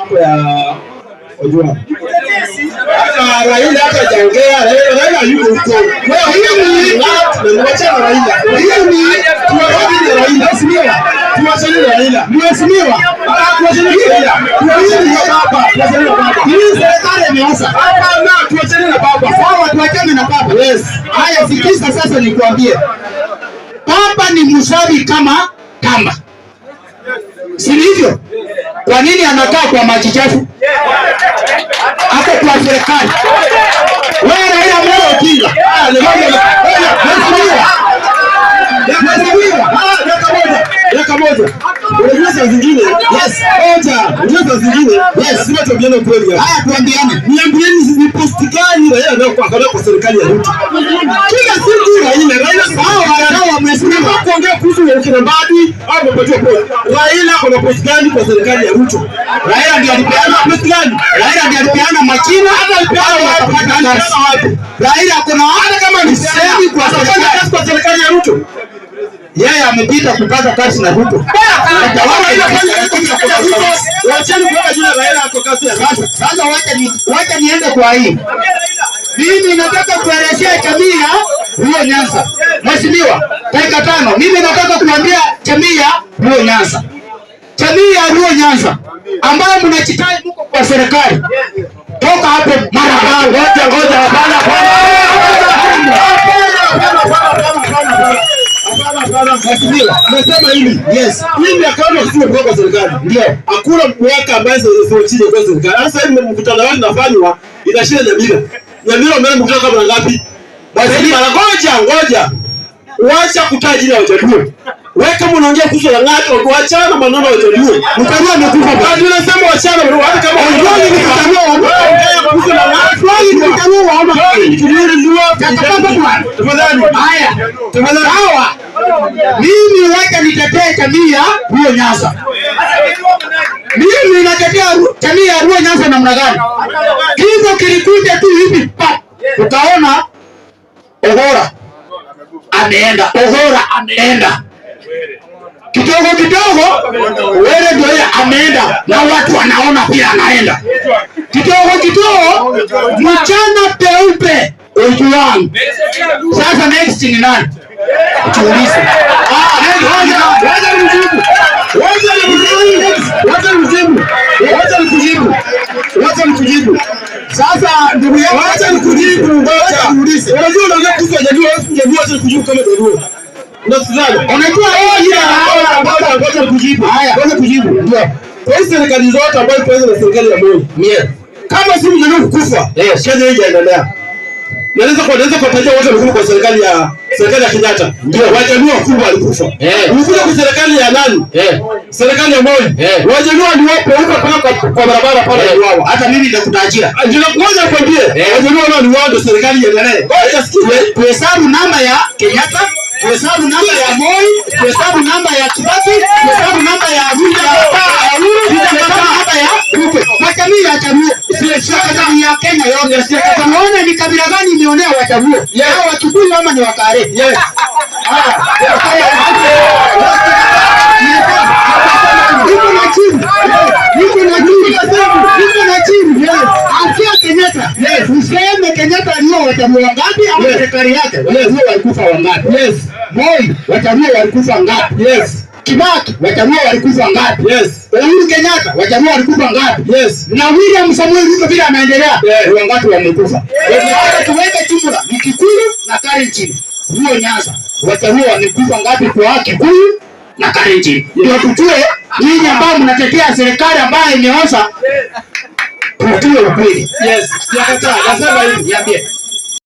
mambo ya Ojwang. Raila hata jangea, Raila yuko huko. Kwa hiyo ni na niwacha na Raila. Hiyo ni tuwachane na Raila, mheshimiwa. Tuwachane na Raila. Mheshimiwa, ah, hata na Raila. Tuwachane na baba, tuwachane na baba. Hii serikali imeanza. Hapana, tuwachane na baba. Sawa, tuwachane na baba. Yes. Haya, sikiza sasa nikwambie. Baba ni mzuri kama kamba. Si hivyo? Kwa nini anakaa kwa maji chafu? Hapo kwa serikali. Wewe Raila Amolo Odinga. Haleluya. Haleluya. Haleluya. Ruto zingine. Yes. Oja. Ruto zingine. Yes. Sio tuambiane kweli. Haya tuambiane. Niambieni ni posti gani Raila ndio kwa kwa kwa serikali ya Ruto. Kila siku Raila Raila sawa Raila wamesimama kuongea kuhusu ukina mbadi au mapatio pole. Raila kuna posti gani kwa serikali ya Ruto? Raila ndio alipeana posti gani? Raila ndio alipeana machina hata alipeana wapi? Raila kuna hata kama ni semi kwa serikali ya Ruto yeye amepita kupata kazi na Ruto. Sasa wacha niende kwa hii, mimi nataka kuelezea jamii ya huyo Nyanza. Mheshimiwa, dakika tano. Mimi nataka kuambia jamii ya huyo Nyanza, jamii ya huyo Nyanza ambayo mnachitai mko kwa serikali, toka hapo mara. Ngoja ngoja, hapana. Mazingira, nasema hili yes, hii ni akaunti ofisi kutoka kwa serikali, ndio hakuna mweka ambaye sio chini kwa serikali. Sasa hivi mkutano wangu nafanywa inashia Nyamira, Nyamira mbele mkutano kama ngapi? Basi ngoja ngoja, wacha kutaja jina wajadue wewe kama unaongea kuhusu la wachana maneno ya jadue. Mtalia amekufa kwa nini unasema wachana maneno, hata kama unajua ni kitanua unaongea kuhusu la ngapi, ni kitanua ama ni kitanua. Tafadhali, haya tafadhali, hawa mimi wacha nitetee jamii ya Luo Nyanza. Mimi ninatetea jamii ya Luo Nyanza namna gani? Kifo kilikuja tu hivi pa. Utaona Ohora ameenda, Ohora ameenda. Kidogo kidogo wewe ndio ameenda na watu wanaona pia anaenda. Kidogo kidogo mchana peupe Ojwang. Sasa next ni nani? tuulize wacha nikujibu sasa, ndugu yangu, wacha nikujibu. Unajua, unaongea kuhusu wajajua, wajajua, wacha nikujibu kama ndio kwa hiyo serikali zote ambazo na serikali ya moyo kama si mjaluo kukufa kazi hii inaendelea Naweza kwa naweza kuwatajia watu walikufa kwa serikali ya serikali ya Kenyatta. Ndio. Wajamii wakubwa walikufa. Ulikuja kwa serikali ya nani? Eh. Serikali ya Moi. Eh. Wajamii waliopo huko kwa kwa barabara pale ya wao. Hata mimi nitakutajia. Ndio ngoja kwambie. Wajamii wao ni wao serikali ya nani? Ngoja sikie. Tuhesabu namba ya Kenyatta, tuhesabu namba ya Moi, tuhesabu namba ya Kibaki, tuhesabu namba ya Ruto. Tuhesabu namba ya Ruto. Tuhesabu namba ya Ruto. Wajamii ya jamii jamii ya Kenya yote. Tunaona ni kabila gani ilionea wachaguo. Hao Wakikuyu ama ni Wakare? Useme Kenyatta aliua ah, wajaluo wangapi au serikali yake walikufa wangapi? Moi wajaluo walikufa ngapi? Kibaki wajaluo walikufa ngapi? Yes. Uhuru Kenyatta wajaluo walikufa ngapi? Yes. Na William Samoei Ruto vile ameendelea, yeah. Wangapi wamekufa? Yeah. Kwa tuweke jumla ni Kikuyu na Kalenjin. Huo Nyanza wajaluo wamekufa ngapi kwa Kikuyu na Kalenjin? Ndio tujue nyinyi ambao mnatetea serikali ambayo imeosha. imeoza. Tujue ukweli. Yes. Sijakataa, nasema hivi, niambie.